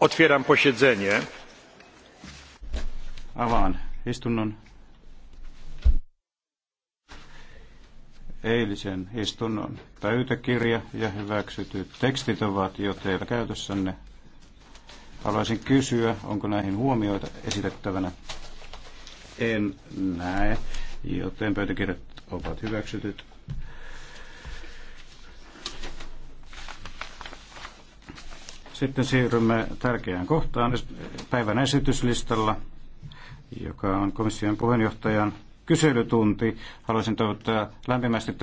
Otwieram posiedzenie. Avaan istunnon. Eilisen istunnon pöytäkirja ja hyväksytyt tekstit ovat jo teillä käytössänne. Haluaisin kysyä, onko näihin huomioita esitettävänä? En näe, joten pöytäkirjat ovat hyväksytyt. Sitten siirrymme tärkeään kohtaan päivän esityslistalla, joka on komission puheenjohtajan kyselytunti. Haluaisin toivottaa lämpimästi